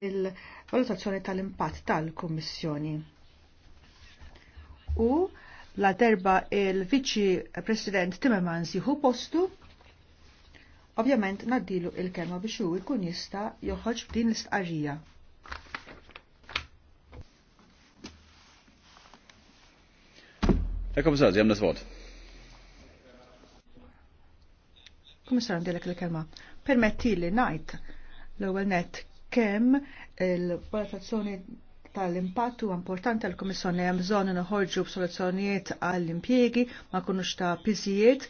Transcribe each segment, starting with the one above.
il-valutazzjoni tal-impatt tal-Kummissjoni. U la derba il-Viċi President Timmermans jihu postu, ovvjament naddilu il-kelma biex hu jkun jista' joħoġ b'din l-istqarrija. Ekkom Kommissar, Sie haben das għandilek il-kelma. Permetti li najt l-ewwel net kemm il-valutazzjoni tal-impatt huwa importanti għal kummissjoni hemm bżonn noħorġu b'soluzzjonijiet għall-impjiegi ma kunux ta' piżijiet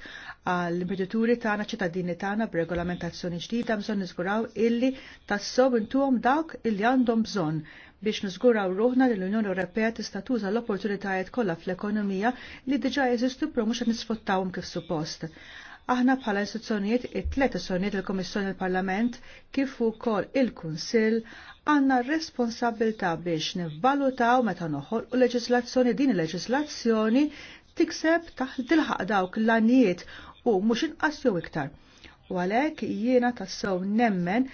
għall-imprenditori tagħna ċittadini tagħna b'regolamentazzjoni ġdida bżonn niżguraw illi tassob intuhom dawk illi għandhom bżonn biex niżguraw ruħna li l-Unjoni Ewropea tista' tuża l-opportunitajiet kollha fl-ekonomija li diġà jeżistu pro mhux qed nisfruttawhom kif suppost aħna bħala istituzzjonijiet it-tlet istituzzjonijiet il-Komissjoni il-Parlament kif ukoll il-Kunsill għandna responsabilità biex nivvalutaw meta noħolqu leġislazzjoni din il-leġislazzjoni tikseb taħt tilħaq dawk l-għanijiet u mhux inqas jew iktar. U għalhekk jiena tassew nemmen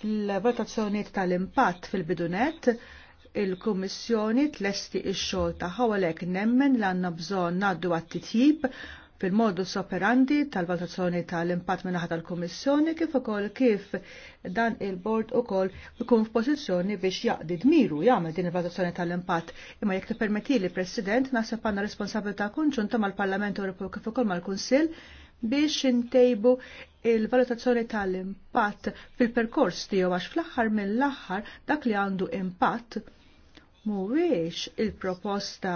fil-valutazzjonijiet tal-impatt fil-bidunet il-Kummissjoni tlesti ix-xogħol tagħha għalhekk nemmen li għandna bżonn ngħaddu għat-titjib fil-modus operandi tal-valutazzjoni tal-impatt minnaħat tal komissjoni kif ukoll kif dan il-Bord ukoll ikun f'pożizzjoni biex jaqdi dmiru jagħmel din il-valutazzjoni tal-impatt. Imma jekk li President naħseb għandna responsabilità konġunta mal-Parlament Ewropew kif ukoll mal-Kunsill biex intejbu il-valutazzjoni tal-impatt fil-perkors tiegħu għax fl-aħħar mill-aħħar dak li għandu impatt mhuwiex il-proposta il proposta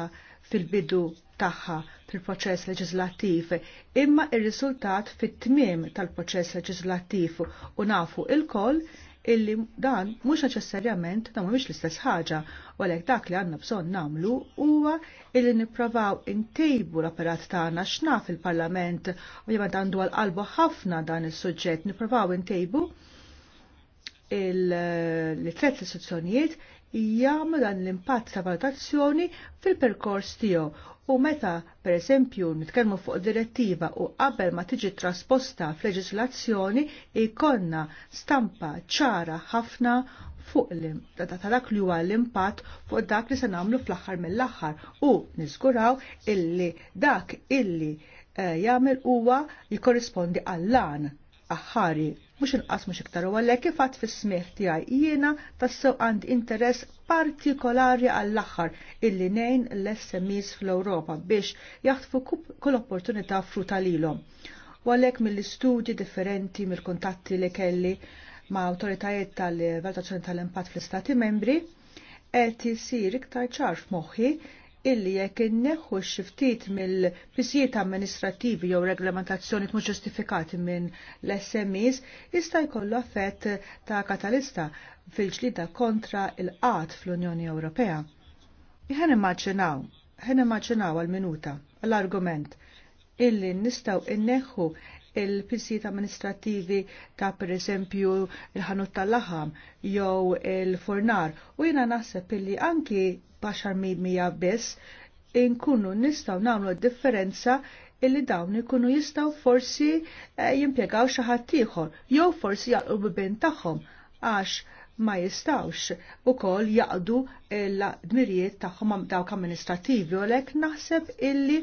fil-bidu tagħha fil-proċess leġislattiv, imma ir-riżultat fit-tmiem tal-proċess leġislattiv u nafu il-koll illi dan mhux neċessarjament dan mhux l-istess ħaġa, u għalhekk dak li għandna bżonn nagħmlu huwa illi nippravaw intejbu l-apparat tagħna x'naf il-Parlament, u ovvjament għandu għal qalbu ħafna dan is-suġġett, nippravaw intejbu il-tlet istituzzjonijiet jgħamlu dan l-impatt ta' valutazzjoni fil-perkors tiegħu u meta pereżempju nitkellmu fuq direttiva u qabel ma tiġi trasposta f'leġislazzjoni ikonna stampa ċara ħafna fuq ta' dak li huwa l-impatt fuq dak li se nagħmlu fl-aħħar mill-aħħar u niżguraw illi dak illi eh, jagħmel huwa jikorrispondi għall-lan aħħari mux inqas mux iktar u għallek kifat fis smieħ tijaj jiena tassew għand interess partikolari għall-axar illi nejn l-SMEs fl-Europa biex jaħtfu kull opportunità fruta lilom. U għallek mill-istudji differenti, mill-kontatti li kelli ma' autoritajiet tal-valutazzjoni tal impat fl-Stati membri, qed isir iktar ċar f'moħħi illi jekk inneħħu xiftit mill-pisijiet amministrativi jew reglamentazzjoni mhux ġustifikati minn l-SMEs jista' jkollu effett ta' katalista fil-ġlida kontra il-qat fl-Unjoni Ewropea. Iħen immaġinaw, ħen immaġinaw għal-minuta, l argument illi nistaw inneħħu il-pissijiet amministrativi ta' per eżempju il-ħanut tal-laħam jew il-fornar u jina naħseb illi anki baxar mija biss inkunu nistaw namlu differenza illi dawn ikunu jistaw forsi eh, jimpiegaw xi ħaddieħor, jew forsi jaqlu bibin tagħhom għax ma jistawx u kol jaqdu l-dmirijiet tagħhom dawk amministrativi u lek naħseb illi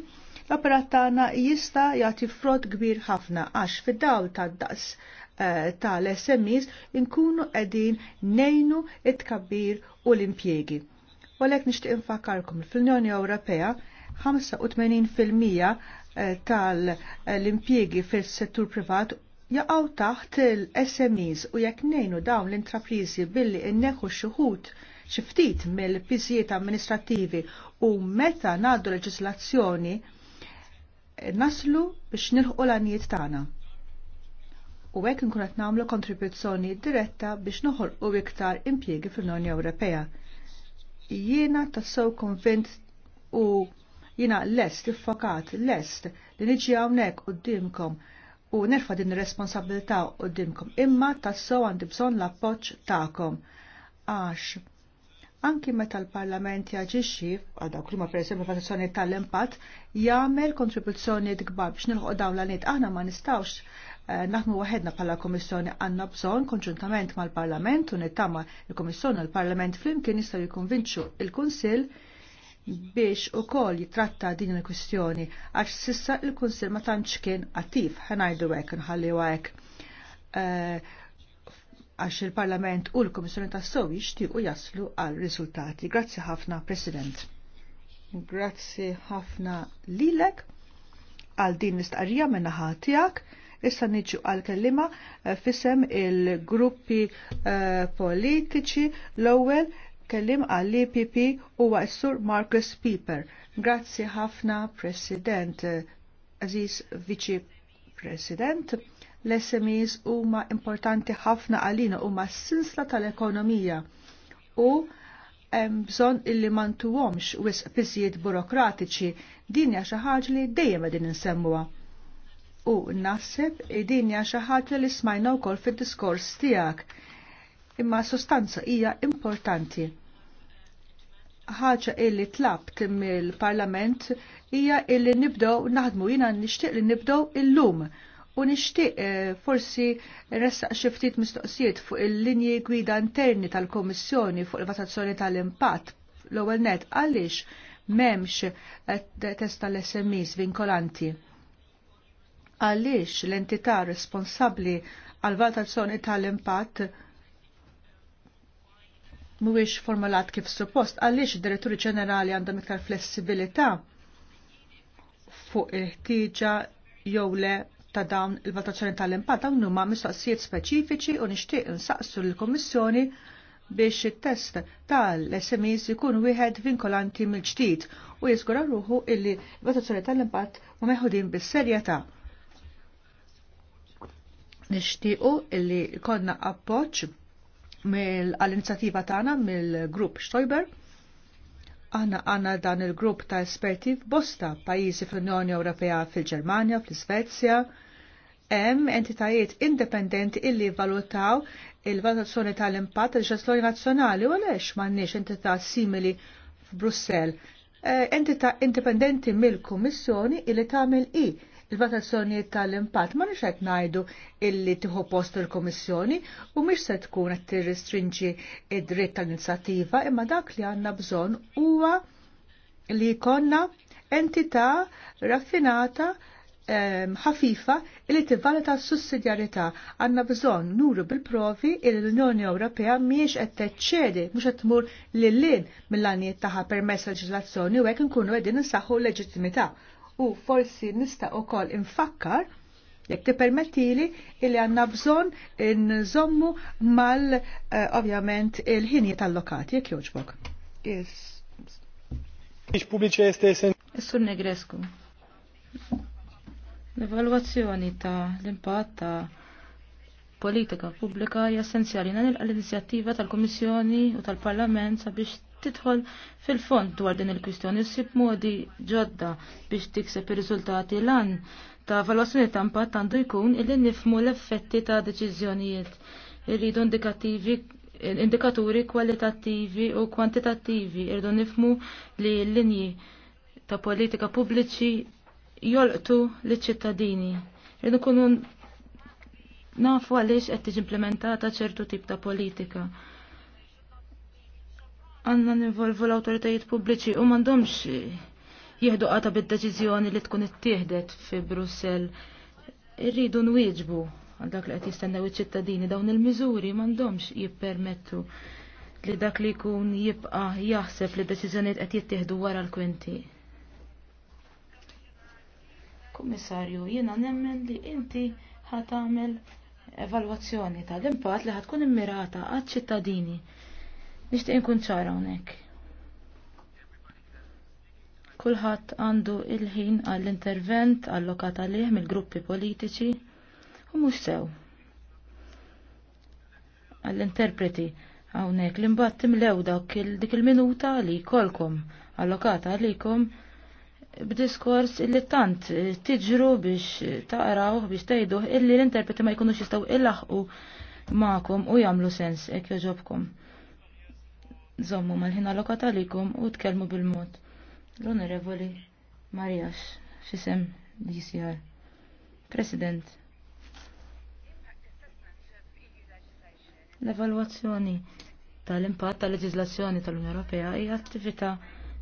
l-apparat tagħna jista' jagħti frott kbir ħafna għax fid-dawl tad-daqs eh, tal-SMEs inkunu qegħdin nejnu it tkabbir u l U Walek nixtieq infakarkom fl-Unjoni Ewropea 85% eh, tal impjiegi fil-settur privat jaqgħu taħt l-SMEs u jekk nejnu dawn l-intraprizi billi inneħu xuħut xiftit mill-piżijiet amministrativi u meta ngħaddu leġislazzjoni naslu biex nilħu l-għanijiet tagħna. U hekk nkun qed nagħmlu kontribuzzjoni diretta biex noħolqu iktar impjiegi fil-Unjoni Ewropea. Jiena tassew konvint u jiena lest iffokat lest li niġi hawnhekk dimkom u nerfa din ir u dimkom imma tassew għandi bżonn l-appoġġ tagħkom għax anki meta l-Parlament jaġixxi għadawk li ma pereżempju valutazzjoni tal-impatt jagħmel kontribuzzjoni kbar biex nilħu dawn l aħna ma nistgħux eh, naħmu waħedna bħala Komissjoni għandna bżonn konġuntament mal-Parlament u nittama il-Komissjoni l-Parlament flimkien jistgħu jikkonvinċu il-Kunsill biex u kol jitratta din il-kwistjoni għax sissa il-Kunsill ma tantx kien attiv ħanajdu hekk nħalli hekk eh, għax il-Parlament u l-Komissjoni tas sow jixtiequ jaslu għal riżultati. Grazzi ħafna, President. Grazzi ħafna lilek għal din l-istqarrija minna tiegħek. Issa niġu għal kellima eh, fisem il-gruppi eh, politiċi l-ewwel kellim għall ipp u sur Marcus Pieper. Grazzi ħafna, President, eh, Aziz Vici President l-SMEs huma importanti ħafna għalina huma s-sinsla tal-ekonomija u hemm bżonn illi mantuhomx wisq biżjiet burokratiċi din hija xi ħaġa li dejjem qegħdin insemmuha. U naħseb din hija xi ħaġa li smajna wkoll fid-diskors tiegħek. Imma sostanza hija importanti ħaġa illi tlabt mill-Parlament hija illi nibdew naħdmu jina nixtieq li nibdew illum u nixtieq eh, forsi ressaq xi ftit mistoqsijiet fuq il-linji gwida interni tal komissjoni fuq il vatazzjoni tal-impatt l-ewwel net għaliex m'hemmx eh, test tal-SMEs vinkolanti. Għaliex l-entità responsabbli għal-valutazzjoni tal-impatt mhuwiex formulat kif suppost, għaliex id-Diretturi Ġenerali għandhom iktar flessibilità fuq il-ħtieġa jew le ta' dawn il-valutazzjoni tal-impatt dawn huma mistoqsijiet speċifiċi u nixtieq insaqsu lill-Kummissjoni biex it-test tal-SMEs ikun wieħed vinkolanti mill-ġdid u jiżgura ruħu illi l-valutazzjoni tal-impatt huma meħudin bis-serjetà. Nixtiequ illi jkollna appoġġ mill-inizjattiva tagħna mill-grupp Stoiber aħna għanna dan il-grupp ta' esperti f'bosta pajjiżi fl-Unjoni Ewropea fil-Ġermanja, fl-Svezja, fl unjoni ewropea fil ġermanja fl svezja hemm entitajiet indipendenti illi valutaw il-valutazzjoni tal-impatt tal-ġestjoni nazzjonali u għaliex m'għandniex entità simili f'Brussell. Eh, entità indipendenti mill-Kummissjoni illi tagħmel i il-valutazzjoni tal-impatt ma nix qed ngħidu illi tieħu post il-Kummissjoni u mhix se tkun qed tirristrinġi id-dritt tal-inizjattiva imma dak li għandna bżonn huwa li jkollna entità raffinata ħafifa illi tivvaluta s-sussidjarità għandna bżonn nuru bil-provi il l-Unjoni Ewropea miex qed teċċedi mhux qed tmur lil mill-għanijiet tagħha permess leġiżlazzjoni u hekk inkunu qegħdin insaħħu l-leġittimità. U forsi nista' ukoll infakkar jekk tippermettili illi għandna bżonn nżommu mal eh, ovvjament il-ħinijiet allokati jekk jogħġbok. Is. pubbliċi Is-Sur Negresku. L-evalwazzjoni ta' l-impatt ta' politika pubblika hija essenzjali nilqa l-inizjattiva tal-Kummissjoni u tal-Parlament sabiex tidħol fil-fond dwar din il-kwistjoni ssib modi ġodda biex tikseb ir-riżultati lan ta' valwazzjoni ta' impatt għandu jkun illi nifmu l-effetti ta' deċiżjonijiet irridu indikattivi indikaturi kwalitattivi u kwantitattivi irridu nifmu li l-linji ta' politika pubbliċi jolqtu l-ċittadini. Rridu kunu nafu għaliex qed tiġi implementata ċertu tip ta' politika. Għanna nivolvu l-autoritajiet pubbliċi u m'għandhomx jieħdu qata bid-deċiżjoni li tkun ittieħdet fi Brussell. Irridu nwieġbu għal dak li qed jistennew iċ-ċittadini dawn il-miżuri m'għandhomx jippermettu li dak li jkun jibqa' jaħseb li d-deċiżjonijiet qed jittieħdu wara l-kwinti. Kummissarju, jiena nemmen li inti ħat tagħmel evalwazzjoni tal impat li ħatkun immirata għad-ċittadini. Nixtieq inkun ċara hawnhekk. Kulħadd għandu il-ħin għall-intervent allokat għalih mill-gruppi politiċi u mhux sew. Għall-interpreti hawnhekk l imbagħad timlew dak dik il-minuta li jkollkom allokata għalikom b'diskors illi tant tiġru biex taqraw biex tgħiduh illi l-interpreti ma jkunux jistgħu ilaħqu magħkom u jagħmlu sens hekk joġobkom. Żommu mal-ħin allokat għalikom u tkellmu bil-mod. L-Onorevoli Marijax, xisem DCR. President. L-evalwazzjoni tal-impatt tal-leġiżlazzjoni tal-Unjoni Ewropea hija attività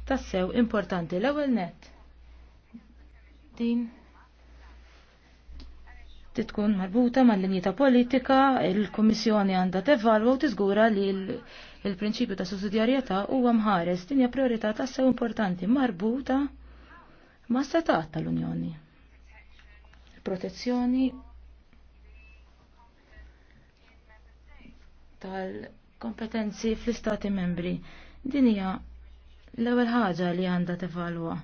tassew importanti l-ewwel nett Din titkun marbuta mal-linji ta' politika, il-Kommissjoni għandha tevalwa u tiżgura li l-prinċipju ta' sussidjarjetà huwa mħares din hija priorità tassew importanti marbuta ma' setat tal-Unjoni. Protezzjoni tal-kompetenzi fl-Istati membri. Din hija l-ewwel ħaġa li għandha tevalwa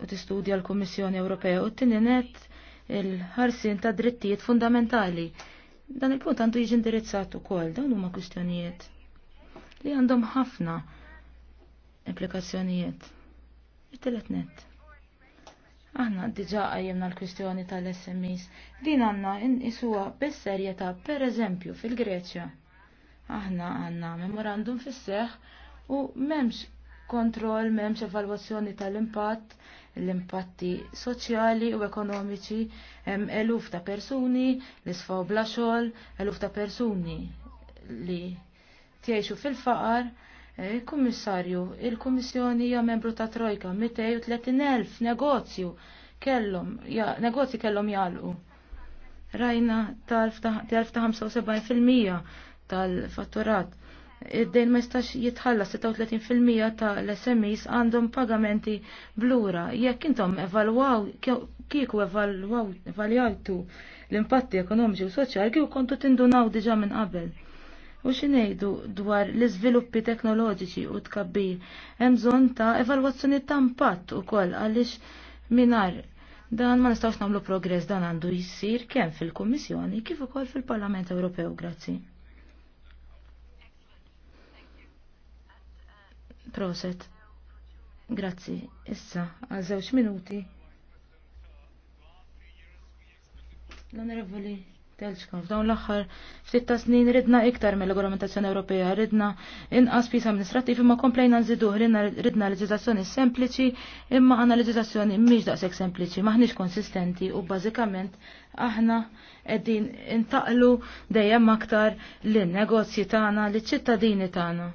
u tistudja l-Kummissjoni Ewropea u t-tininet il-ħarsin ta' drittijiet fundamentali. Dan il-punt għandu jiġi indirizzat ukoll dawn huma kwistjonijiet li għandhom ħafna implikazzjonijiet. It-telet net. Aħna diġa għajjemna l-kwistjoni tal smis Din għanna isuwa bis-serjetà per eżempju fil-Greċja. Aħna għanna memorandum fis-seħ u memx kontroll, memx evalwazzjoni tal-impatt, l-impatti soċjali u ekonomiċi hemm eluf ta' persuni li sfaw bla xogħol, eluf ta' persuni li tgħixu fil-faqar. Il-Kummissarju, e, il-Kummissjoni hija membru ta' Trojka, 230.000 negozju kellhom, negozji kellhom jalqu. Rajna tal-75% tal-fatturat id-dejn ma jistax jitħalla 36% ta' l-SMEs għandhom pagamenti blura. Jekk intom evalwaw, kieku evalwaw, evaljajtu l-impatti ekonomiċi u soċjali, kieku kontu tindunaw diġa minn qabel. U xinejdu dwar l iżviluppi teknoloġiċi u tkabbi, emżon ta' evalwazzjoni ta' impatt ukoll għaliex minar dan ma nistawx nagħmlu progress dan għandu jissir kemm fil-Kummissjoni kif ukoll fil-Parlament Ewropew, grazzi. Proset. Grazzi. Issa, għal żewġ minuti. L-Onorevoli Telċka, f'dawn l-aħħar ftit ta' snin ridna iktar mill-regolamentazzjoni Ewropea, ridna inqas pis amministrattiv imma komplejna nżidu ridna leġiżlazzjoni sempliċi imma għandna leġiżlazzjoni mhix daqshekk sempliċi, maħniex konsistenti u bażikament aħna qegħdin intaqlu dejjem aktar lin-negozji tagħna, liċ-ċittadini tagħna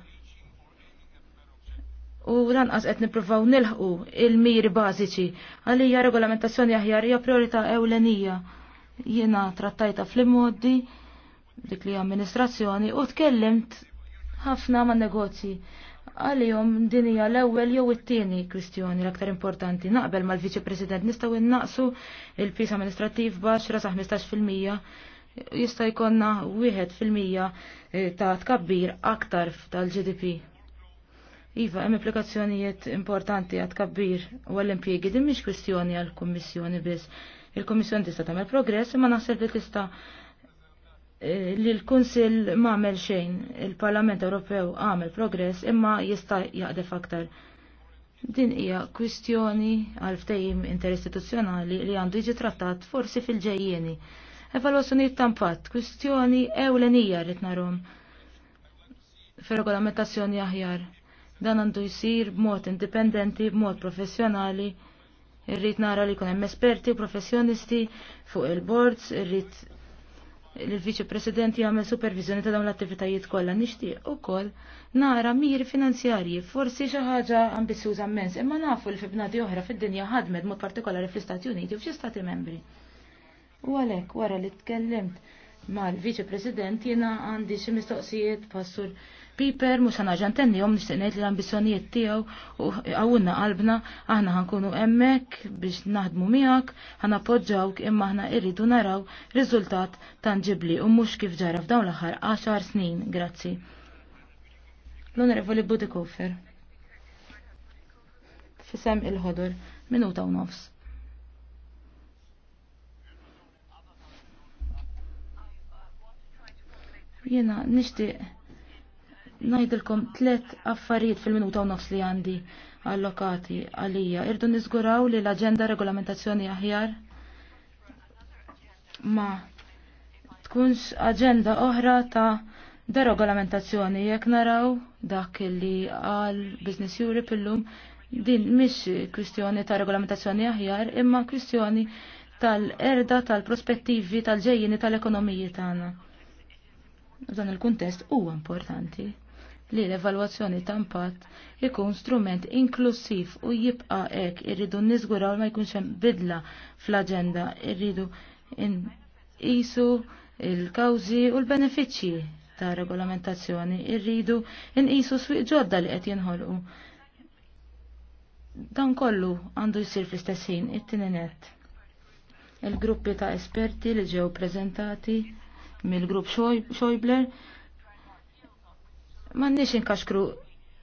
u lanqas qed nippruvaw nilħqu il-miri bażiċi għalija regolamentazzjoni aħjar hija priorità ewlenija. Jiena trattajta fl-immoddi dik li amministrazzjoni u tkellimt ħafna ma' negozji għalihom din hija l-ewwel jew it-tieni kwistjoni l-aktar importanti. Naqbel mal-Viċi President nistgħu innaqsu il-pis amministrattiv baxra sa 15% jista' jkollna wieħed fil-mija eh, ta' tkabbir aktar tal-GDP. Iva, hemm implikazzjonijiet importanti għad kabbir u għall-impjegi din mhix kwistjoni għall-Kummissjoni biss. Il-Kummissjoni tista' tagħmel progress imma naħseb li tista' eh, li l-Kunsill m'għamel xejn, il-Parlament Ewropew għamel progress imma jista' jaqdef aktar. Din hija kwistjoni għal ftehim interistituzzjonali li għandu jiġi trattat forsi fil-ġejjieni. Evalwazzjonijiet tampat, kwistjoni ewlenija rrid narhom fir-regolamentazzjoni aħjar Dan għandu jisir b'mod indipendenti, b'mod professjonali. Irrid nara li jkun hemm esperti, professjonisti fuq il-boards, irrid il-Viċi President jagħmel supervizjoni ta' dawn l-attivitajiet kollha nixtieq ukoll nara miri finanzjarji forsi xi ħaġa ambizjuża mens, imma nafu li fi bnadi oħra fid-dinja ħadmet mod partikolari fl-Istati Uniti u f'xi stati membri. U għalhekk wara li tkellimt mal-Viċi President jiena għandi xi mistoqsijiet passur Piper mhux għana ġantenni nixtieq ngħid li l tijaw tiegħu għawunna qalbna aħna ħankunu hemmhekk biex naħdmu għana podġawk imma aħna irridu naraw riżultat tanġibli u mhux kif ġara f'dawn l-aħħar 10 snin. Grazzi. L-Onorevoli Budikofer. Fisem il-ħodur, minuta u nofs. Jena, nishtiq najdilkom tlet affarijiet fil-minuta u nofs li għandi allokati għalija. Irdu nizguraw li l-agenda regolamentazzjoni aħjar ma tkunx agenda oħra ta' deregolamentazzjoni. Jek naraw dak li għal Business Europe illum din mish kwistjoni ta' regolamentazzjoni aħjar imma kwistjoni tal-erda tal-prospettivi tal-ġejjini tal-ekonomiji tagħna. Dan il-kuntest huwa importanti li l-evalwazzjoni ta' impatt ikun strument inklusiv u jibqa' hekk irridu niżguraw ma jkunx hemm bidla fl-aġenda, irridu nqisu il-kawżi u l-benefiċċji ta' regolamentazzjoni, irridu nqisu swieq ġodda li qed jinħolqu. Dan kollu għandu jsir fl-istess ħin it-tieni Il-gruppi ta' esperti li ġew preżentati mill-grupp Schäuble nix inkaxkru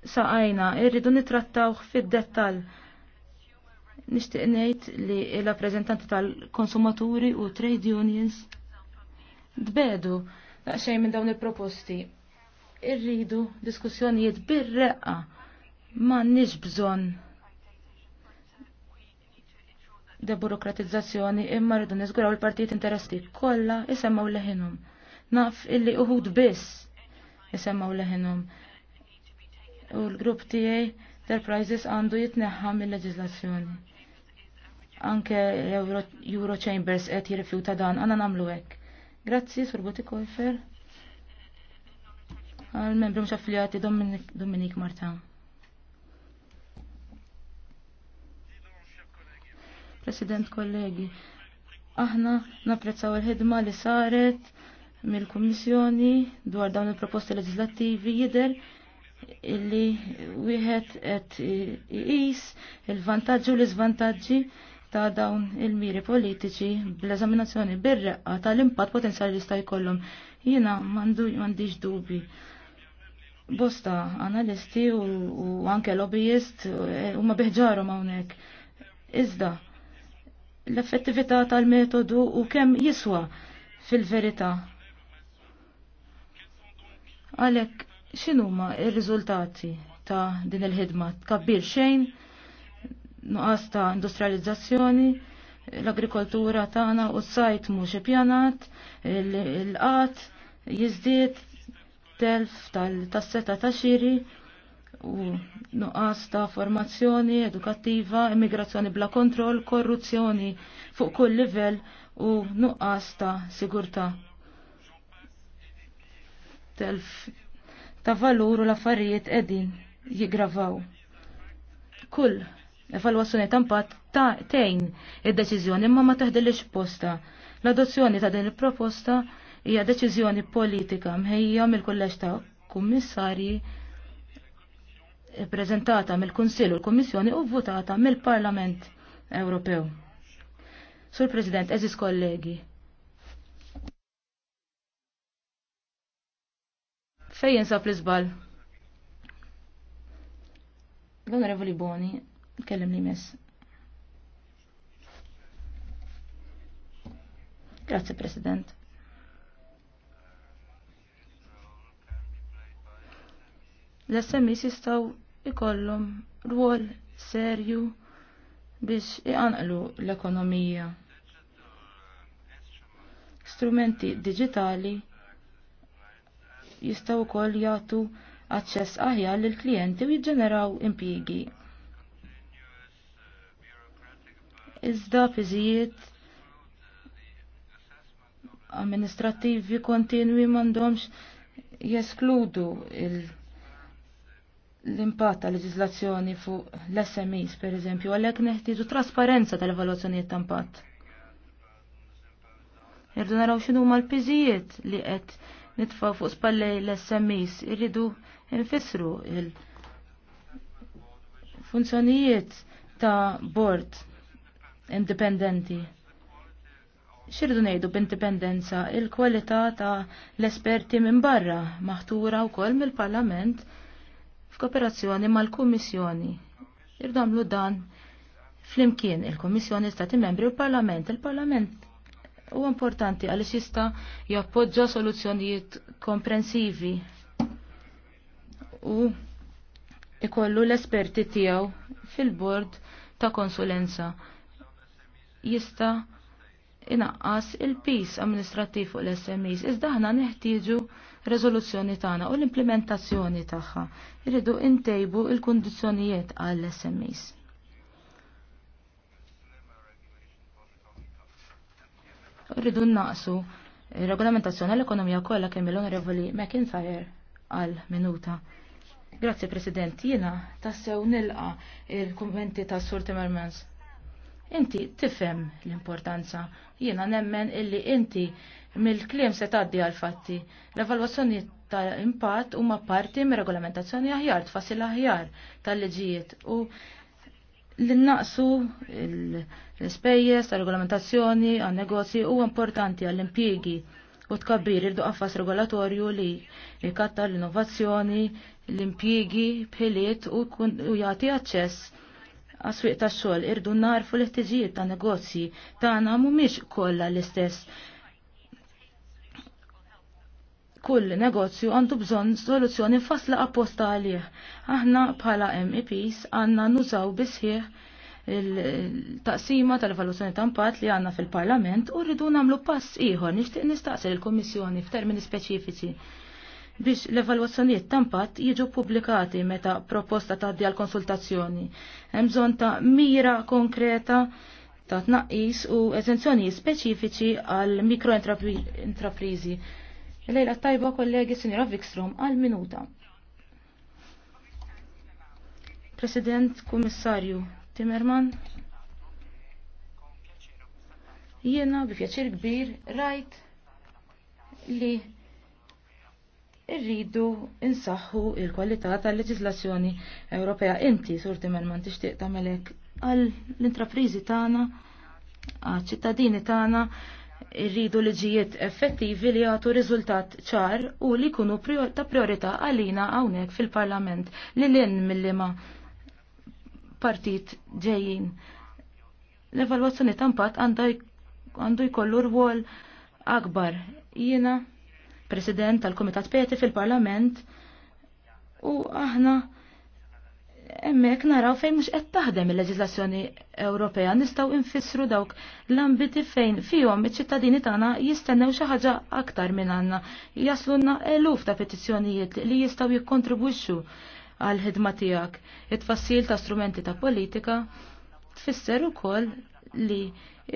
saqajna, irridu nitrattaw fid-dettal. Nixtieq ngħid li l-rappreżentanti tal-konsumaturi u trade unions dbedu daqsxejn minn dawn il-proposti. Irridu diskussjonijiet bir-reqqa m'għandniex bżonn deburokratizzazzjoni imma rridu nizguraw il-partijiet interessi kollha isemmaw leħinhom. Naf illi uħud biss jisemmaw leħinhom. U l-grupp tiegħi tal-prizes għandu jitneħħa mill-leġiżlazzjoni. Anke Euro, Chambers qed jirrifjuta dan, għandna nagħmlu hekk. Grazzi, Sur Butikojfer. Għal-membri mx affiljati Dominik, Dominik Martin. President kollegi, aħna napprezzaw il-ħidma li saret mill-Kummissjoni dwar dawn il-proposti leġislattivi jidher illi wieħed qed iqis il-vantaġġi u l-iżvantaġġi ta' dawn il-miri politiċi bl-eżaminazzjoni bir-reqqa tal-impatt potenzjali jista' jkollhom. Jiena m'għandix dubi. Bosta analisti u, u anke lobbyist eh, huma biħġarhom hawnhekk. Iżda l-effettività tal-metodu u kemm jiswa fil-verità Għalek, ma il-rizultati ta' din il-ħidma? Tkabbir xejn, nuqas ta' industrializzazzjoni, l-agrikoltura tagħna u s-sajt mhux pjanat, il-qat jiżdied telf tal-tasseta ta' xiri u nuqqas ta' formazzjoni edukattiva, immigrazzjoni bla kontroll, korruzzjoni fuq kull livell u nuqqas ta' sigurtà telf ta' valur u l-affarijiet edin jigravaw. Kull evalwazzjoni ta' impatt ta' tejn id-deċiżjoni imma ma taħdilix posta. L-adozzjoni ta' din il-proposta hija deċiżjoni politika mħejja mill kollex ta' kummissarji prezentata mill-Kunsill u l-Kummissjoni u votata mill-Parlament Ewropew. Sur President, eżis kollegi, Fej jinsab l-izbal? L-Onorevoli Boni, kellem li mess. Grazie, President. l smi jistaw ikollom rwol serju biex iqanqlu l-ekonomija. Strumenti digitali jistgħu wkoll jagħtu aċċess aħjar l klijenti u jiġġeneraw impjiegi. Iżda piżijiet amministrattivi kontinwi m'għandhomx jeskludu l-impatt ta' leġislazzjoni fuq l-SMEs, per eżempju, għalhekk neħtiġu trasparenza tal-evaluazzjonijiet ta' impatt. Irdu naraw xinu l-piżijiet li qed nitfaw fuq spallej l-SMEs, irridu nfissru il-funzjonijiet ta' bord indipendenti. Xirridu ngħidu b'indipendenza il-kwalità ta' l-esperti minn barra maħtura wkoll mill-Parlament f'kooperazzjoni mal-Kummissjoni. Irdu għamlu dan flimkien il-Kummissjoni Stati Membri u l-Parlament. Il-Parlament u importanti għaliex jista' jappoġġa soluzzjonijiet komprensivi u ikollu l-esperti tiegħu fil-bord ta' konsulenza. Jista' inaqqas il-pis amministrattiv fuq l-SMEs, iżda ħna neħtieġu rezoluzzjoni tagħna u l-implementazzjoni tagħha. Irridu intejbu il-kundizzjonijiet għall-SMEs. rridu naqsu regolamentazzjoni l-ekonomija kollha kemm l-Onorevoli McIntyre għal minuta. Grazzi President, jiena tassew nilqa il-kummenti ta' Sur Timmermans. Inti tifhem l-importanza. Jiena nemmen illi inti mill-kliem se tgħaddi għal fatti. L-evalwazzjoni ta' impatt huma parti mir regolamentazzjoni aħjar, tfassil aħjar tal-liġijiet u l-naqsu l-spejjes tal-regolamentazzjoni għan negozji u importanti għall-impjiegi u tkabbir irdu qaffas regolatorju li jkatta l-innovazzjoni, l-impjiegi, bħiliet u, jagħti aċċess għas-swieq tax-xogħol irdu narfu l-ħtiġijiet ta' negozji tagħna mhumiex kollha l-istess kull negozju għandu bżonn soluzzjoni fasla apposta għalih. Aħna bħala MEPs għandna nużaw bisħieħ il-taqsima tal-evaluazzjoni tampat li għandna fil-Parlament u rridu nagħmlu pass ieħor nixtieq nistaqsi il-Kummissjoni f'termini speċifiċi biex l-evalwazzjonijiet tampat jiġu pubblikati meta proposta ta' għal konsultazzjoni. Hemm bżonn ta' mira konkreta ta' tnaqqis u eżenzjonijiet speċifiċi għal mikrointraprizi. Lejla tajba kollegi Sinjora Vikstrom għal minuta. President Kummissarju Timmerman. Jiena bi pjaċir kbir rajt li irridu insaħħu il-kwalità tal-leġislazzjoni Ewropea. Inti, Sur Timmerman, tixtieq tagħmelek għall intrapriżi tagħna, għal ċittadini tagħna irridu liġijiet effettivi li għatu riżultat ċar u li jkunu ta' priorità għalina hawnhekk fil-Parlament li lin mill-lima partit ġejjin. L-evalwazzjoni ta' impatt għandu jkollu rwol akbar. Jiena President tal-Kumitat Peti fil-Parlament u aħna Emmek naraw fejn mhux qed taħdem il-leġislazzjoni Ewropea nistgħu infissru dawk l-ambiti fejn fihom iċ-ċittadini tagħna jistennew xi ħaġa aktar minn għandna. Jaslunna eluf ta' petizzjonijiet li jistgħu jikkontribwixxu għal ħidma tiegħek. It-tfassil ta' strumenti ta' politika tfisser ukoll li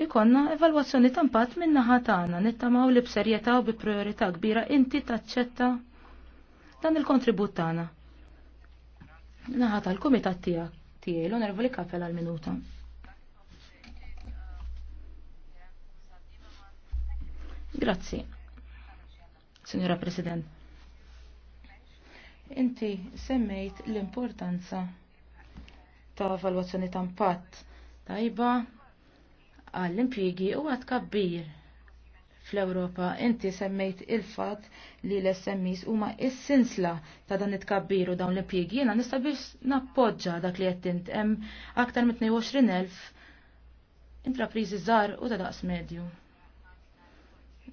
ikonna evalwazzjoni ta' impatt minn naħa tagħna nittamaw li b'serjetà u bi priorità kbira inti taċċetta dan il-kontribut tagħna naħat għal kumitat tiegħek tiegħi l li Kappel għal minuta. Grazzi. Signora President. Inti semmejt l-importanza ta' valwazzjoni ta' impatt tajba għall-impjegi u għad kabbir fl-Ewropa. Inti semmejt il-fat li l u huma il sinsla ta' dan it-kabbiru dawn l impjegi Jiena nista' biex nappoġġa dak li qed em hemm aktar minn 22,000 intrapriżi żgħar u ta' daqs medju.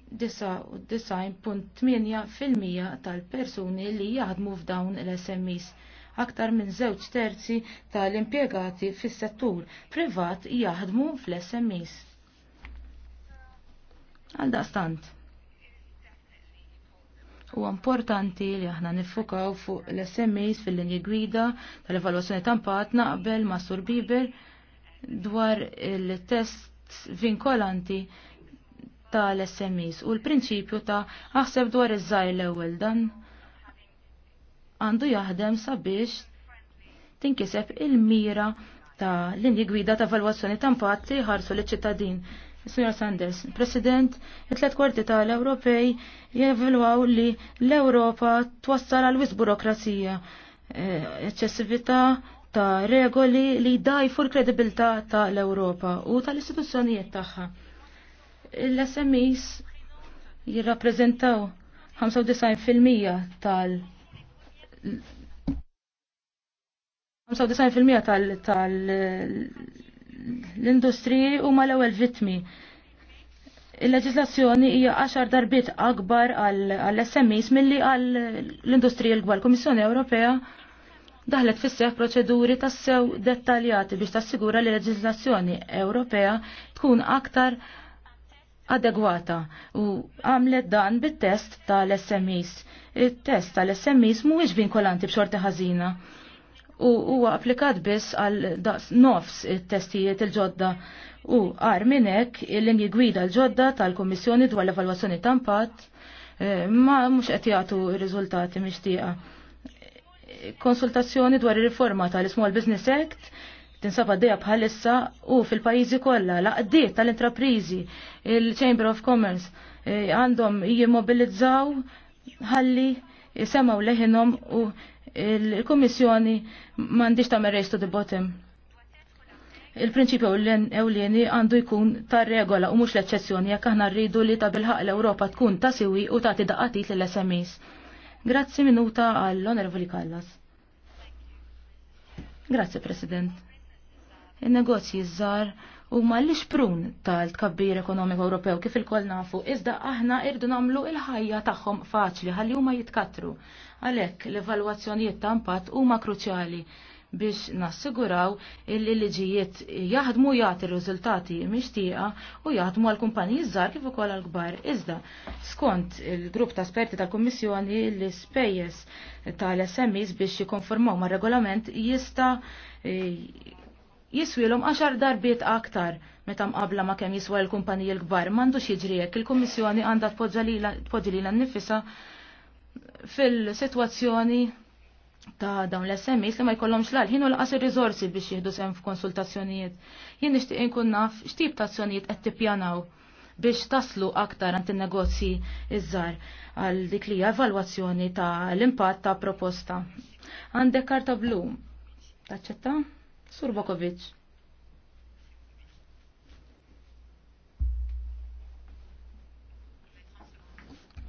99.8% tal-persuni li jaħdmu f'dawn l sms aktar minn żewġ terzi tal-impjegati fis-settur privat jaħdmu fl sms Għal daqstant. U importanti li aħna nifukaw fuq l-SMEs fil-linji gwida tal-evaluazzjoni tampatna qabel ma' Sur Biber dwar il-test vinkolanti tal-SMEs u l-prinċipju ta' aħseb dwar iż-żajr l-ewwel dan għandu jaħdem sabiex tinkiseb il-mira ta' linji gwida ta' valwazzjoni li ħarsu l-ċittadin Sr. Sanders, President, it-tlet kwarti tal-Ewropej jevilwaw li l-Ewropa twassal għal wis burokrazija, eh, eċċessività ta' regoli li dajfu l-kredibilità tal-Ewropa u tal-istituzzjonijiet tagħha. l smis jirrappreżentaw 95% tal- 95% tal-, tal l-industriji huma l-ewwel vittmi. Il-leġislazzjoni hija 10 darbit akbar għall-SMEs milli għall l-industrija l-gwar. Kummissjoni Ewropea daħlet fis-seħ proċeduri tassew dettaljati biex tassigura li l-leġislazzjoni Ewropea tkun aktar adegwata u għamlet dan bit-test tal-SMEs. Il-test tal-SMEs mhuwiex vinkolanti b'xorti ħażina u huwa applikat biss għal daqs nofs it-testijiet il-ġodda u għar minnek il-linji gwida l-ġodda tal-Komissjoni dwar l evaluazzjoni tampat eh, ma mhux qed jagħtu riżultati mixtieqa. Konsultazzjoni dwar ir-riforma tal-Small Business Act tinsab għaddeja bħalissa u fil-pajizi kollha laqdiet tal-intraprizi il-Chamber of Commerce eh, għandhom jimmobilizzaw ħalli jisemaw leħinhom u il-Kommissjoni m'għandix tagħmel race to the bottom. Il-prinċipju ewlieni għandu jkun tar regola u mhux l-eċċezzjoni jekk aħna rridu li ta' bilħaq l-Ewropa tkun ta' siwi u tagħti daqatit lill smis Grazzi minuta għall-Onorevoli Kallas. Grazzi President. Il-negozji żgħar huma l-ixprun tal-tkabbir ekonomiku Ewropew kif il-koll nafu, iżda aħna irdu nagħmlu il-ħajja tagħhom faċli ħalli huma jitkatru. Għalhekk l-evalwazzjonijiet ta' impatt huma kruċjali biex nassiguraw li liġijiet jaħdmu jagħti riżultati mixtieqa u jaħdmu għal kumpaniji żgħar kif ukoll għal kbar. Iżda skont il-grupp ta' esperti tal-Kummissjoni l spejjeż tal smis biex jikkonformaw mar-regolament jista' jiswilhom għaxar darbiet aktar meta mqabla ma kemm jiswa l-kumpaniji l-kbar m'għandux jiġri il-Kummissjoni għandha tpoġġi n nnifisha fil-sitwazzjoni ta' dawn l-SMEs li ma jkollhomx l ħin l laqas ir rizorsi biex jieħdu sem f'konsultazzjonijiet. Jien nixtieq inkun naf x'tip ta' azzjonijiet qed tippjanaw biex taslu aktar għant il-negozji iż-żar għal dik li evalwazzjoni ta' l-impatt ta' proposta. Għandek karta blu. Taċċetta? Sur Bokovic.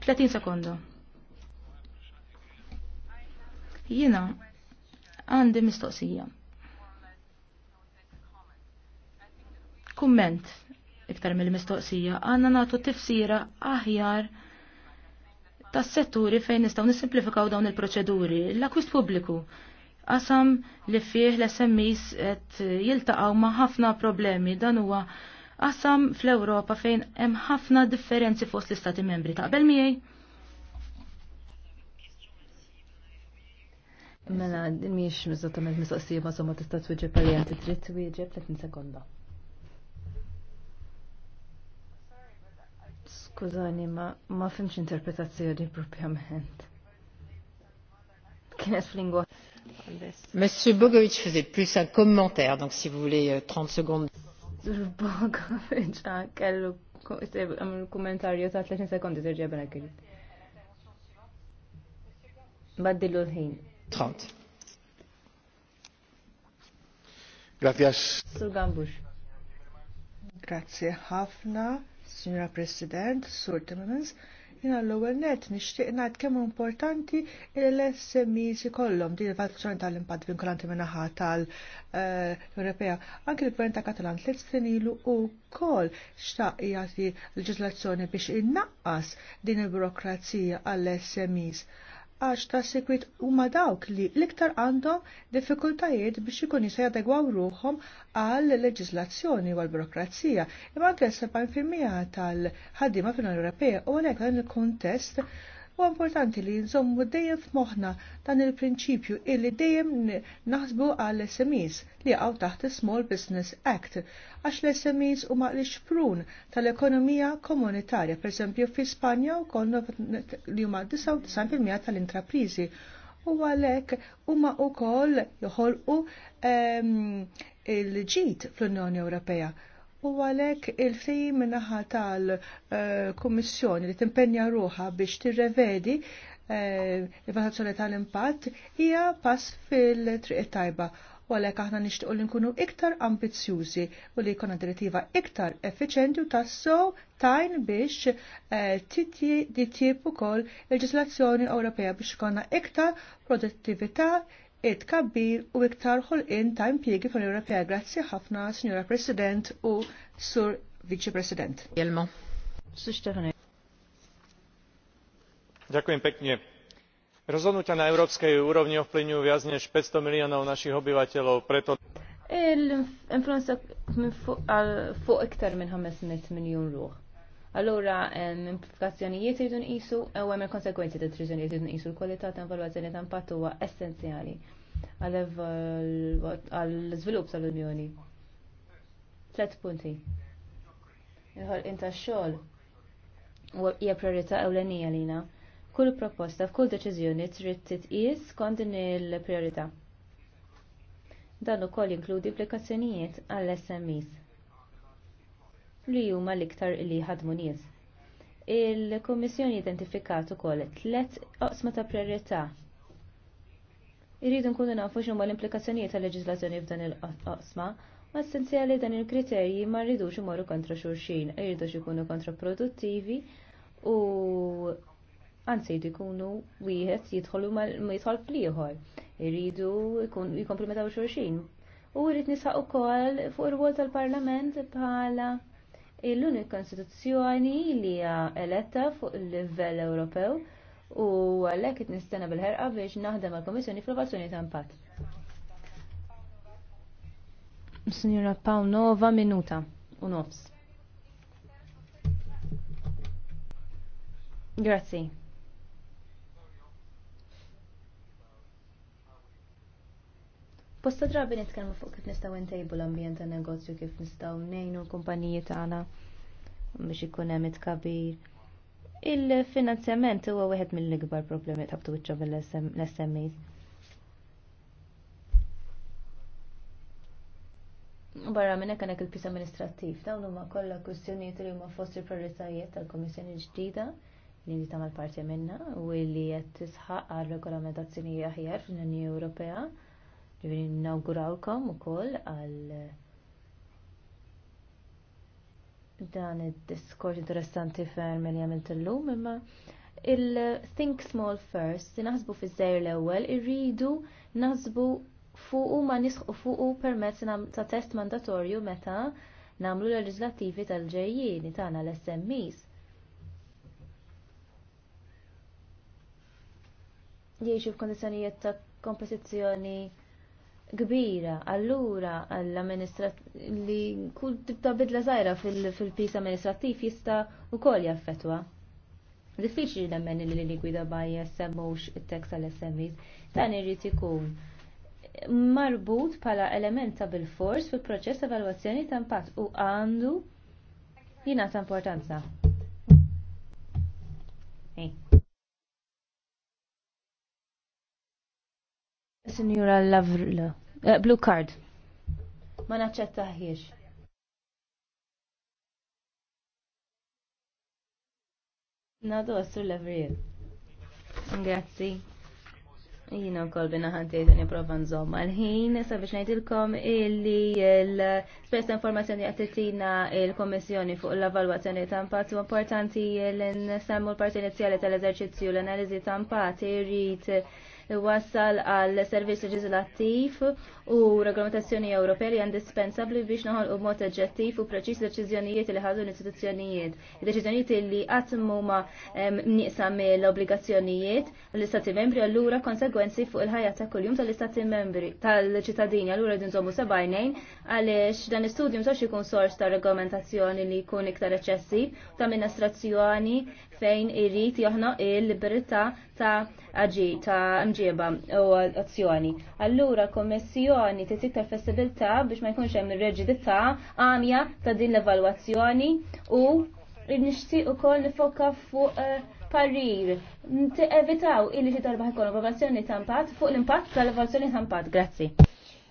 Tletin sekondo. Jina, għandi mistoqsija. Kumment, iktar mill-mistoqsija, għanna natu tifsira aħjar tas setturi fejn nistaw nisimplifikaw dawn il-proċeduri, l-akwist pubbliku, qasam li fih l-SMEs qed jiltaqgħu ma' ħafna problemi dan huwa qasam fl-Ewropa fejn hemm ħafna differenzi fost l-Istati membri. Taqbel miej. Mela, din miex mizzatament mistoqsija ma' somma tista' twieġeb għal inti trid twieġeb 30 sekonda. Skużani, ma, ma fimx interpretazzjoni propjament. Kienet fl-lingwa. Monsieur Bogovic faisait plus un commentaire, donc si vous voulez 30 euh, secondes. Bogovic 30 ah, 30. Gracias. Grazie Hafna, Signora Presidente, Sur Timmermans jina l-ewwel net nixtieq ngħid kemm importanti l-SMEs ikollhom din il-valutazzjoni tal-impatt vinkolanti minaħa tal-Ewropea. Anke l-Gvern ta' Katalan tliet snin ilu wkoll xtaq jagħti leġislazzjoni biex innaqqas din il-burokrazija għall-SMEs għax ta' sekwit huma dawk li l-iktar għandhom diffikultajiet biex ikun jista' jadegwaw ruhom għal leġislazzjoni u għall-burokrazija. Imma anke 70% tal-ħaddiema fil-Unjoni Ewropea u għalhekk dan il-kuntest U importanti li nżommu dejjem f'moħħna dan il-prinċipju illi dejjem naħsbu għall SMEs li għaw taħt Small Business Act għax l-SMEs huma maqli xprun tal-ekonomija komunitarja, pereżempju fi Spanja wkoll li huma 99% tal-intraprizi u għalek huma wkoll joħolqu ehm, il-ġid fl-Unjoni Ewropea. U għalek il-fej minnaħa tal-Kommissjoni li timpenja ruħa biex tirrevedi eh, l-valutazzjoni tal-impatt hija pass fil-triq tajba. U għalek aħna nixtiequ li nkunu iktar ambizzjużi u li jkollna direttiva iktar effiċenti u tassow tajn biex eh, titjib ukoll il-ġislazzjoni Ewropea biex konna iktar produttività it-kabbir u iktar ħolqien ta' impjiegi fl Ewropea. Grazzi ħafna, Signora President u Sur Vice President. Jelmo. Suċtefani. Ďakujem pekne. Rozhodnutia na európskej úrovni ovplyvňujú viac než 500 miliónov našich obyvateľov, preto l fu fuq min hames 500 miljon ruħ. Allura implikazzjonijiet iridu nqisu u hemm il-konsekwenzi ta' deċiżjonijiet iridu nqisu l-kwalità ta' evalwazzjoni ta' impatt huwa essenzjali għall-żvilupp tal-Unjoni. Tlet punti. Il-ħolqien tax-xogħol hija priorità ewlenija lina. Kull proposta f'kull deċiżjoni trid titqis kont din il-priorità. Dan ukoll jinkludi implikazzjonijiet għall-SMEs li huma l-iktar li ħadmu nies. Il-Kummissjoni identifikat ukoll tliet oqsma ta' priorità. Irridu nkunu nafu x'huma l-implikazzjonijiet tal-leġiżlazzjoni f'dan il-oqsma, ma essenzjali dan il-kriterji ma rridux imorru kontra xulxin, irridu ikunu kontraproduttivi u anzi jdu jkunu wieħed jidħolu ma jidħol fl-ieħor. Irridu jikkomplimentaw xulxin. U rrid nisaq ukoll fuq ir wol tal-Parlament bħala il luni konstituzzjoni li hija eletta fuq il-livell Ewropew u għalhekk it nistenna bil-ħerqa biex naħdem għal komissjoni fil-vazzjoni ta' impatt. Signora Paunova minuta u nofs. Grazie. Posta drabi nitkellmu fuq kif nistgħu ntejbu l-ambjent tan negozju kif nistgħu ngħinu l-kumpaniji tagħna biex ikun hemm itkabbir. Il-finanzjament huwa wieħed mill-ikbar problemi ta' twiċċa bil smes Barra minn hekk hekk il-pis amministrattiv dawn huma kollha kwistjonijiet li huma fost il-prioritajiet tal-Kummissjoni ġdida li tagħmel parti minnha u li qed tisħaq għal regolamentazzjoni aħjar fl-Unjoni Ewropea Ġivri inaugurawkom ukoll għal dan id-diskors interessanti ferm li għamilt l-lum imma il-think small first, naħsbu fi zzejr l-ewwel, irridu naħsbu fuqu ma nisħu fuqu permezz ta' test mandatorju meta nagħmlu leġislativi tal-ġejjieni tagħna l-SMEs. Jiexu f'kondizjonijiet ta' kompetizzjoni kbira, allura għall-amministrat li kull tibta bidla zaħira fil-pis amministrativ jista u koll jaffetwa. Diffiċli nemmen li li gwida bajja semmux il-tekst għal-SMIs, dan irrit ikun marbut pala elementa bil-fors fil-proċess evalwazzjoni ta' impatt u għandu jina ta' importanza. Signora Uh, Blue card. Ma naċċettaħiex. Nadu għassur l-avril. Grazzi. Jina u bina naħantejt għani provan zomma. L-ħin, sabiex najtilkom illi l-spess informazzjoni għattitina il-Komissjoni fuq l avaluazzjoni ta' impatt u importanti l-nsemmu l-parti inizjali tal-eżerċizzju l-analizi ta' impatt irrit wasal għal servizz leġislattiv u regolamentazzjoni Ewropea li indispensabbli biex u b'mod oġġettiv u preċiż deċiżjonijiet li ħadu l-istituzzjonijiet. Deċiżjonijiet li qatt huma nieqsa mill-obbligazzjonijiet l-Istati membri allura konsegwenzi fuq il-ħajja ta' kuljum tal-Istati membri tal-ċittadini allura din żommu sebajnejn għaliex dan istudju msax ikun sors ta' regolamentazzjoni li jkun iktar eċessi ta' amministrazzjoni fejn irrit joħna il libertà ta' aġi, ta' mġieba u azzjoni. Allura kommissjoni titik tal flessibilità biex ma jkunx hemm ir-reġidità għamja ta' din l-evalwazzjoni u nixtieq ukoll nifokka fuq eh, parir. Evitaw illi xi darba ħajkun evalwazzjoni ta' impatt fuq l-impatt tal-evalwazzjoni ta' impatt. Grazzi.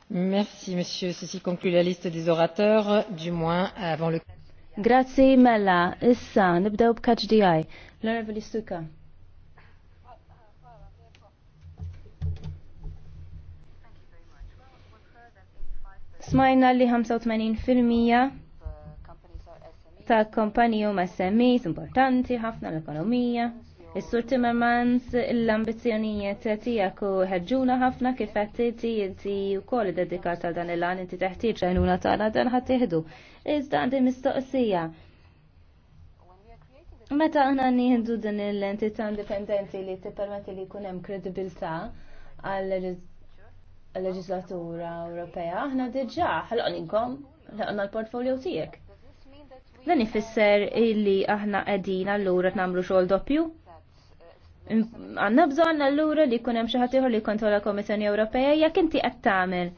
Merci, monsieur. Ceci conclut la liste des orateurs, du moins avant le... Grazzi Mella, issa nibdew b'kaċ DI. L-Onorevoli Stuka. Smajna li 85% ta' kompaniju SMEs importanti ħafna l-ekonomija. Is-Sur Timmermans l-ambizzjonijiet tiegħek u ħeġġuna ħafna kif qed inti inti wkoll dedikat għal dan il-għan inti teħtieġ għajnuna tagħna dan ħadd tieħdu. Iżda għandi mistoqsija. Meta aħna nieħdu din l-entità indipendenti li tippermetti li jkun hemm kredibilità għal-leġislatura Ewropea, aħna diġà ħalqoninkom laqna l-portfolio tiegħek. Dan ifisser illi aħna qegħdin allura nagħmlu xogħol doppju? Għanna bżonn allura li jkun hemm xi ħadd ieħor li jkontrolla l-Kummissjoni Ewropea jekk inti qed tagħmel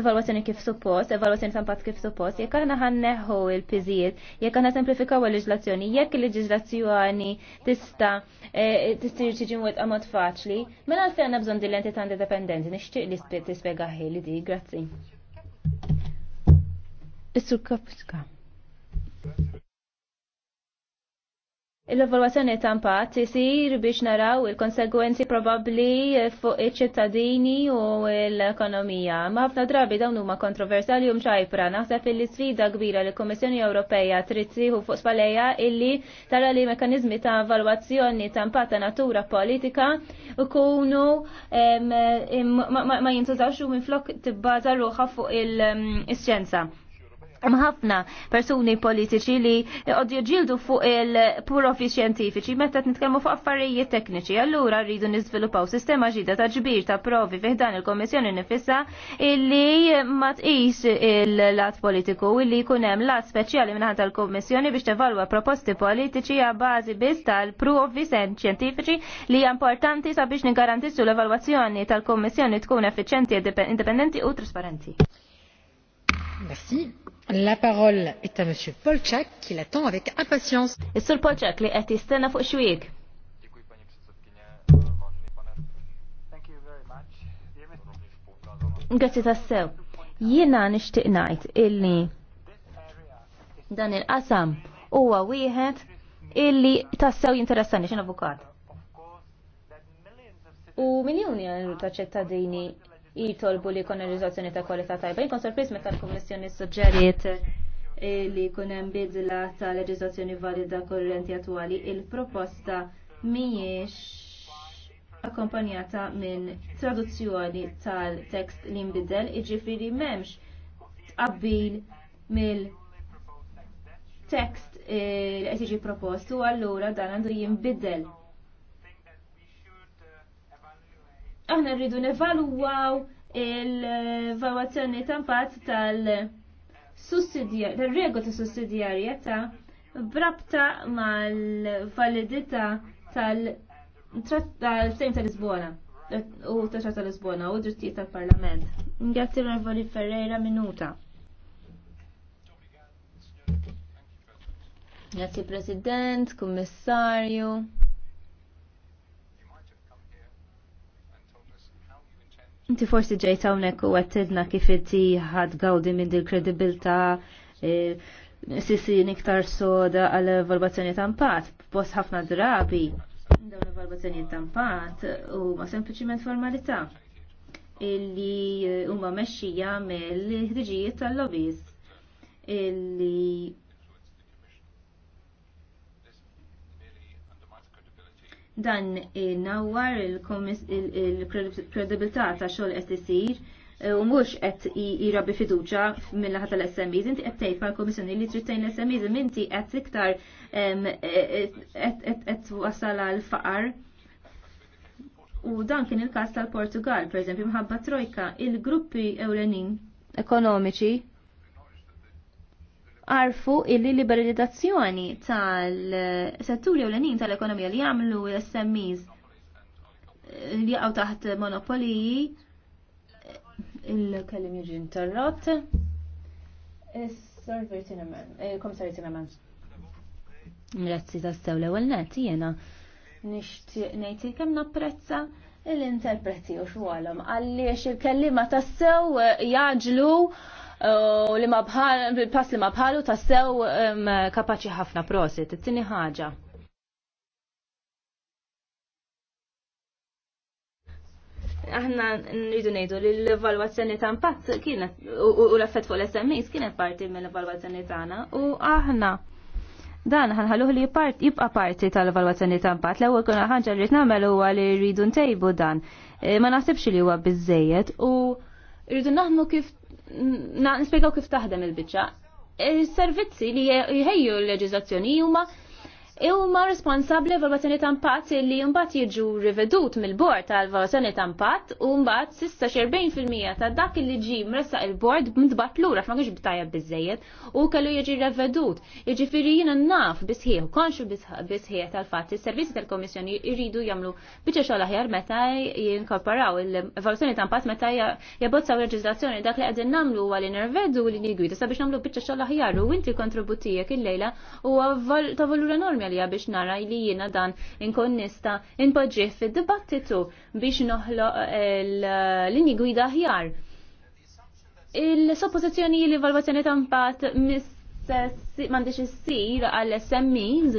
evalwazzjoni kif suppost, evalwazzjoni tampat kif suppost, jekk aħna ħanneħħu l-piżijiet, jekk aħna semplifikaw il-leġislazzjoni, jekk il-leġislazzjoni tista' eh, tista' tiġi mwettqa għamot faċli, mela għalfejn għandna bżonn din l-entità indipendenti, nixtieq li tispjegaħi li di, grazzi. Is-sur Kapska. L-evalwazzjoni ta' impatt isir biex naraw il-konsegwenzi probabbli fuq iċ-ċittadini u l-ekonomija. Ma ħafna drabi dawn huma kontroversali u mxajpra. Naħseb li sfida kbira li l-Kummissjoni Ewropea trid tieħu fuq spalejja illi tara li mekanizmi ta' evalwazzjoni ta' impatt ta' natura politika ikunu ma jintużawx u minflok tibbaża ruħha fuq il-xjenza ħafna persuni politiċi li ġildu fuq il-profi xjentifiċi meta nitkellmu fuq affarijiet tekniċi. Allura rridu nizvilupaw sistema ġdida ta' ġbir ta' provi fiħdan il komissjoni nifissa illi ma tqis il-lat politiku illi jkun hemm lat speċjali minħan tal komissjoni biex tevalwa proposti politiċi għal bażi biss tal-provi xjentifiċi li hija importanti sabiex garantissu l-evalwazzjoni tal komissjoni tkun effiċenti, indipendenti u trasparenti. Merci. La parole est à monsieur Polchak qui l'attend avec impatience. Et sur Polchak li qed jistenna fuq xwieq. Grazzi tassew. Jiena nixtieq ngħid illi dan il-qasam huwa wieħed illi tassew jinteressani x'in avukat. U miljuni ta' ċittadini jitolbu li jkun riżoluzzjoni ta' kwalità tajba. Jkun sorpriż meta l-Kummissjoni suġġeriet eh, li jkun hemm bidla ta' leġiżlazzjoni valida korrenti attwali, il-proposta mhijiex akkompanjata minn traduzzjoni tal-tekst li nbidel, iġifieri m'hemmx tqabbil mill tekst eh, li qed jiġi u allura dan għandu jinbidel aħna rridu nevaluwaw il-valwazzjoni ta' impatt tal- tal-regu ta' sussidjarjetà brabta mal-validità tal-sejm tal-Lisbona u taċa tal-Lisbona u drittijiet tal-Parlament. Ngrazzi Marvoli Ferreira minuta. Grazie President, Kummissarju. Inti forsi ġejt hawnhekk u għattedna kif inti ħad gawdi minn dil kredibilta e, sissi niktar soda għal valbazzjoni t'ampat, impatt, post ħafna drabi dawn il-valbazzjoni tampat u huma sempliċiment formalità illi huma mexxija mill-ħdiġijiet tal-lobbies illi dan nawar il-kredibilità ta' xogħol qed isir eh, u mhux qed jira bi fiduċja mill-laħa tal-SMEs. Inti qed tgħid mal komissjoni li trittejn l-SMEs inti qed iktar e, e, e, qed wasal għal faqar. U dan kien il-każ tal-Portugal, pereżempju, mħabba trojka, il-gruppi ewlenin ekonomiċi arfu illi liberalizzazzjoni tal-setturi u l l-enin tal-ekonomija li jagħmlu l-SMEs li għaw taħt monopoli. il-kellim jiġi interrott. il-Komissarju eh, Tinaman. Grazzi ta' stew l-ewwel net jiena nixtieq ngħid kemm napprezza l-interpreti u xwalhom għaliex il-kellima tas-sew jaġlu u li ma bħal, pass li ma bħalu tassew kapaċi ħafna prosit. Tini ħaġa. aħna nridu ngħidu li l-evalwazzjoni ta' impatt kienet u l-effett fuq l-SMEs kienet parti mill-evalwazzjoni tagħna u aħna dan ħanħalluh li jibqa' parti tal-evalwazzjoni ta' impatt. L-ewwel kuna ħaġa li nagħmel huwa li rridu ntejbu dan. E, ma naħsibx li huwa biżejjed u rridu naħdmu kif Na, nispjegaw kif taħdem il-biċċa. Is-servizzi li jħejju l-leġiżlazzjoni huma huma responsabbli valutazzjoni ta' li mbagħad jiġu rivedut mill-bord tal-valutazzjoni ta' u mbagħad 46% fil-mija ta' dak li ġi mressaq il-bord mintbat lura f'ma kienx btajjeb biżejjed u kellu jiġi revedut. Jiġifieri jiena naf bisħieħ konxu bisħieħ tal-fatt is-servizzi tal-Kommissjoni jridu jagħmlu biċċa xogħol aħjar meta jinkorporaw il-valutazzjoni tampat meta jabbozzaw leġiżlazzjoni dak li qegħdin nagħmlu huwa li nirvedu li nigwida sabiex nagħmlu biċċa xogħol aħjar u inti kontributijek il-lejla u ta' enormi għalija biex nara li jiena dan inkonnista inpoġġih fid-dibattitu biex noħloq eh, l-linji gwida ħjar. il sopposizjoni li valvazzjoni ta' impatt m'għandix issir għall smes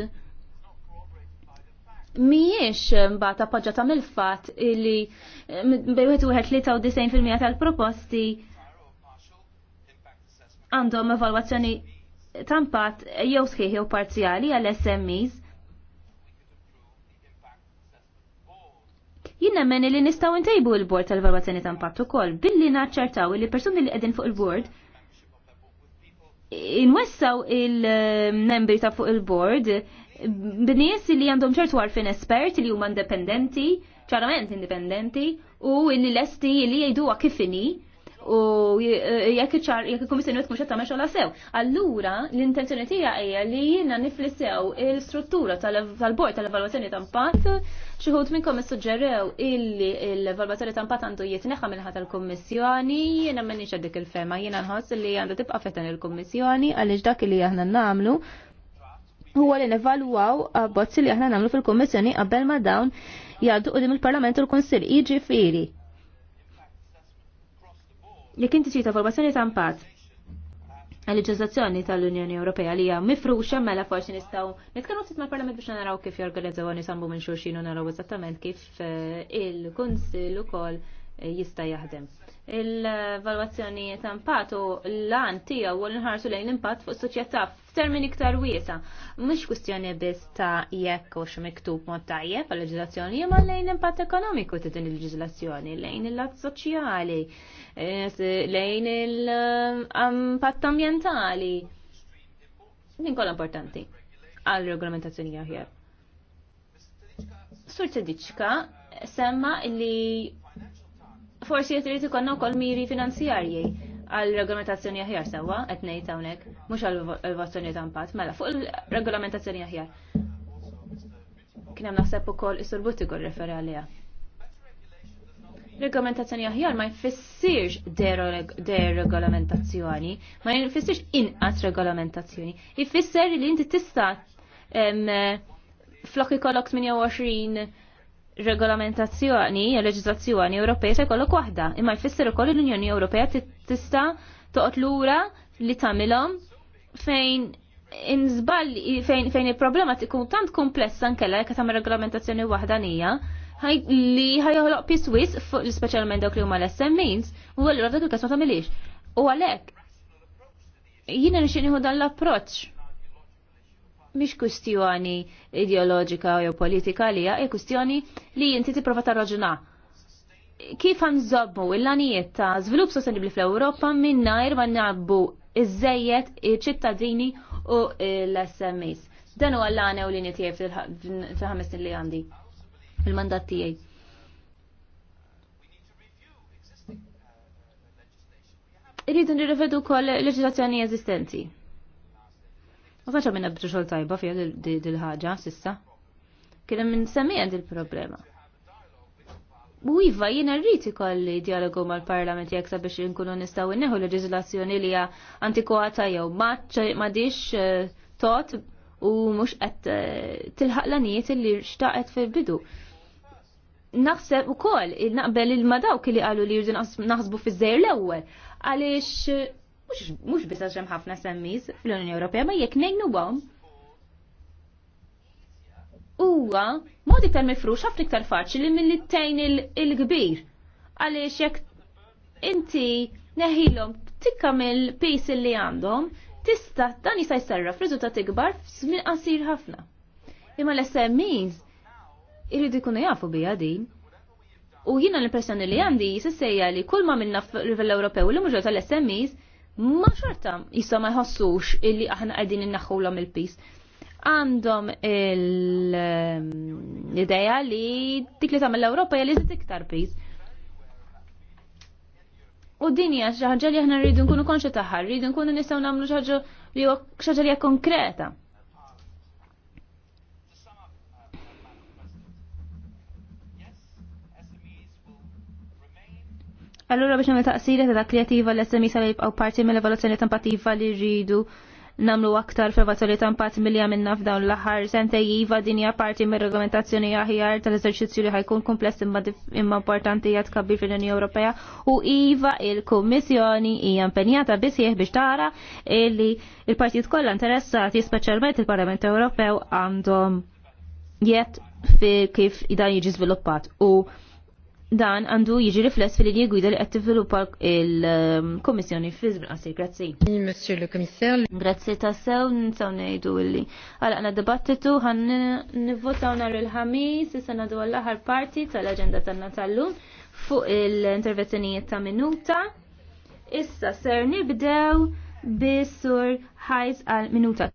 miex mbagħad appoġġjata mill-fatt li eh, bejwet wieħed 93% tal-proposti għandhom evalwazzjoni tampat jew sħiħ jew parzjali għal SMEs. Jien nemmen li nistgħu ntejbu l-bord tal-valwazzjoni ta' impatt ukoll billi naċċertaw li persuni li qegħdin fuq il-bord inwessaw il-membri ta' fuq il-bord b'nies li għandhom ċertu għarfin esperti li huma indipendenti, ċarament indipendenti, u l lesti li jgħidu kifini u eh, jekk ċar jekk il-Kummissjoni tkun xed tagħmel sew. Allura l-intenzjoni tiegħi hija li jiena niflissew il-struttura tal-bord tal-evalwazzjoni ta' impatt xi ħut minnkom issuġġerew illi l-evalwazzjoni ta' impatt għandu jitneħħa minnħa tal-Kummissjoni, jiena m'għandix għaddik il-fema, jiena nħoss li għandu tibqa' fetan il-Kummissjoni għaliex dak li aħna nagħmlu huwa li nevalwaw abbozzi li aħna nagħmlu fil-Kummissjoni qabel ma dawn jgħaddu qudiem il-Parlament u l-Kunsill. Jiġifieri, Jekk inti ċita formazzjoni ta' impatt għal-leġizzazzjoni tal-Unjoni Ewropea li hija mifruxa mela forsi nistgħu nitkellmu ftit mal-Parlament biex naraw kif jorganizzaw nisambu minn xulxin u naraw eżattament kif eh, il-Kunsill ukoll jista' jaħdem. Il-valwazzjoni ta' impatt u l-għan tiegħu u nħarsu lejn l-impatt fuq soċjetà f'termini iktar wiesa. Mhux kwistjoni biss ta' jekk u miktub mod tajjeb għal leġiżlazzjoni imma lejn l impatt ekonomiku ta' din il-leġiżlazzjoni, lejn il-lat soċjali, lejn il-impatt ambjentali. Din kollha importanti għal regolamentazzjoni aħjar. Sur Tediċka semma li forsi qed irid ikollna kol miri finanzjarji għal regolamentazzjoni aħjar sewwa qed ngħid hawnhekk mhux għal evalvazzjoni ta' impatt, mela fuq il-regolamentazzjoni aħjar. Kien hemm naħseb ukoll is-Sur Buttikol referi għaliha. Regolamentazzjoni aħjar ma jfissirx deregolamentazzjoni, ma jfissirx inqas regolamentazzjoni. Jfisser li inti tista' flok ikollok 28 regolamentazzjoni u leġiżlazzjoni Ewropea se jkollok waħda, imma jfisser ukoll l-Unjoni Ewropea tista' toqgħod lura li tagħmilhom fejn inżball fejn fejn il-problema tkun tant komplessa nkella jekk tagħmel regolamentazzjoni waħda nija li ħajoħloq piswis fuq speċjalment dawk li huma l-SMEs u għallura dak il-każ ma tagħmilix. U għalhekk jiena nixtieq nieħu dan l-approċċ mhix kwistjoni ideoloġika jew politika li hija kwistjoni li inti tipprova tarraġuna. Kif għanżobbu il-lanijiet ta' żvilupp sostenibbli fl-Ewropa minnajr ma nabbu iż-żejjed iċ-ċittadini u l-SMEs. Dan huwa l-għana u l-linja tiegħi fil-ħames li għandi il-mandat tiegħi. Irridu nirrivedu kol leġislazzjoni eżistenti. Ma faċa minna bdu xogħol tajba fiha dil-ħaġa sissa. Kien hemm insemmija dil-problema. U jiva, jina rrid ikolli dialogu mal-Parlament jekk sabiex inkunu nistgħu inneħu leġiżlazzjoni li hija antikwata jew diċ eh, tot u mhux qed eh, tilħaq l-anijiet li xtaqet fil-bidu naħseb u kol naqbel il-madaw li għallu li jirdu naħsbu fi zzejr l-ewel. Għalix mux bisa ġem ħafna semmis fl-Unjoni Ewropea, ma jek nejnu għom. Uwa, mod iktar mifrux, ħafna iktar faċli mill tejn il-kbir. Għalix jek inti neħilom tikka mill pis li għandhom, tista dan jista' jserraf riżultat ikbar f'żmien qasir ħafna. Imma l-SMEs irridu jkunu jafu bija din. U jina l-impressjoni li għandi sejja li kull ma minna fil-Ewropew l-muġġor tal-SMEs ma xorta jissa ma jħossux illi aħna qegħdin innaħħulhom il-pis. Għandhom ehm, l-ideja li dik li tagħmel l-Ewropa hija li iktar pis. U din hija xi ħaġa li aħna rridu nkunu konxi tagħha, rridu nkunu nistgħu nagħmlu xi ħaġa li huwa xi ħaġa li hija konkreta. Allura biex nagħmel taqsira ta' dak li attiva l-SMI sal jibqgħu parti mill evoluzzjoni tempattiva li rridu namlu aktar fil-vazzoli milli milja naf dawn l-aħħar sentej iva dinja parti mir regolamentazzjoni aħjar tal-eżerċizzju li ħajkun kumpless imma, imma importanti hija tkabbir fil-Unjoni Ewropea u iva il-Kummissjoni hija impenjata bisieħ biex tara li il-partijiet kollha interessati, speċjalment il-Parlament Ewropew għandhom jett fi kif dan jiġi żviluppat u dan għandu jiġi rifless fil li gwida li qed tiviluppa il-Kommissjoni fil-Qasir. Grazzi. Monsieur le Commissaire. Grazzi tas-sew nsaw ngħidu li għalaqna dibattitu ħan nivvotaw nhar il-ħamis issa nagħdu għall-aħħar parti tal-aġenda tagħna tal natallum fuq il-intervenzjonijiet ta' minuta. Issa ser nibdew bis-sur ħajz għal minuta.